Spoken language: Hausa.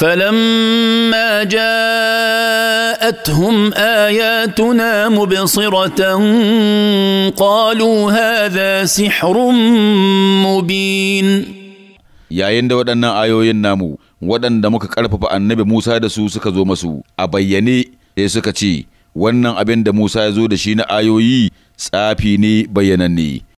فلما جاءتهم اياتنا مبصره قالوا هذا سحر مبين yayin da waɗannan ayoyin namu waɗanda muka ƙarfafa annabi Musa da su suka zo masu a bayyane sai suka ce wannan abin da Musa ya zo da shi na ayoyi tsafi ne bayyananne